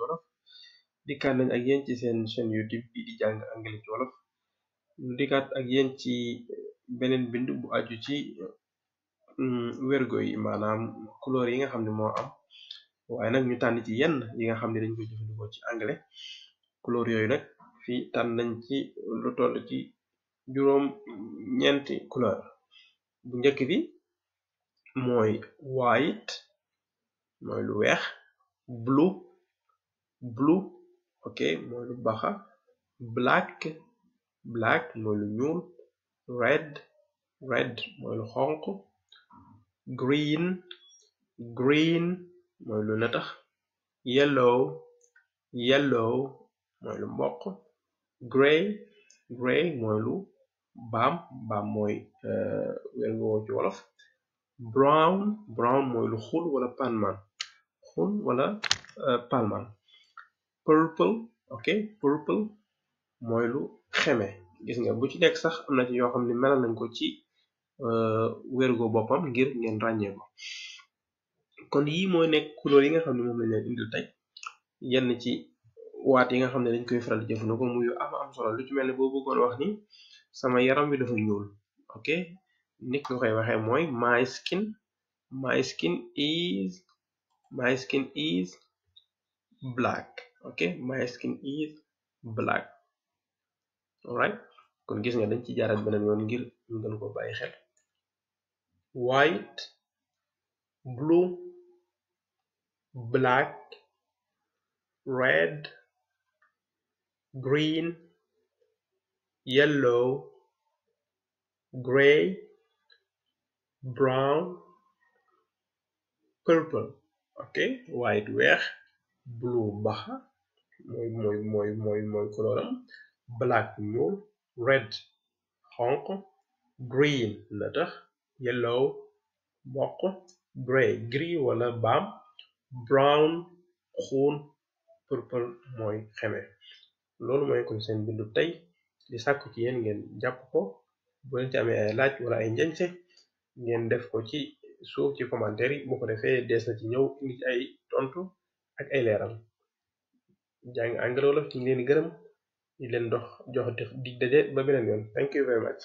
wolof dikkaat nañ ak yéen ci seen chaîne youtube bi di jàng anglais ci wolof ñu dikkaat ak yéen ci beneen bind bu aju ci mm, wergo yi maanaam couleur yi nga xam ne moo am waaye nag ñu tànn ci yenn yi nga xam ne dañ koy jëfandikoo ci anglais couleur yooyu nag fii tànn nañ ci lu toll ci juróom ñeenti couleur bu njëkk bi mooy white mooy lu weex blue blue ok mooy lu baxa black black mooy lu ñuul red red mooy lu xonxu green green mooy lu natax yellow yellow mooy lu mboq grey grey mooy lu baam baam mooy euh, wergo ci wolof brown brown mooy lu xul wala palmaan xul wala euh, palmaan purple ok purple moy lu xeme gis nga bu ci nek sax amna ci yo xamni mel nañ ko ci euh, wergo bopam ngir ngeen ragne ko kon yi moy nek couleur yi nga xamni mom moom lañ leen yenn ci wat yi nga xamni dañ koy faral muy am am solo lu ci melni bo bëggoon wax ni sama yaram bi dafa ñuul ok nit nga koy waxe moy my skin my skin is my skin is black ok my skin is hmm. black alright kon gis nga dañ ci jaaraat beneen yoon ngir ñu gën ko bàyyi xel white blue black red green yellow gray brown purple ok white weex blue baxa mooy mooy mooy mooy mooy couleur am black ñuul red xonq green la tax yellow mboq grey gris wala baam brown xuun purple mooy xeme loolu mooy kon seen bindu tey di sàkku ci yéen ngeen jàpp ko bu leen ci amee ay laaj wala ay njañte ngeen def ko ci suuf ci commentaire yi bu ko defee dees na ci ñëw indi ay tontu ak ay leeral jàng anglais wolof ñu ngi leen di gërëm di leen dox jox dig daje ba beneen yoon thank you very much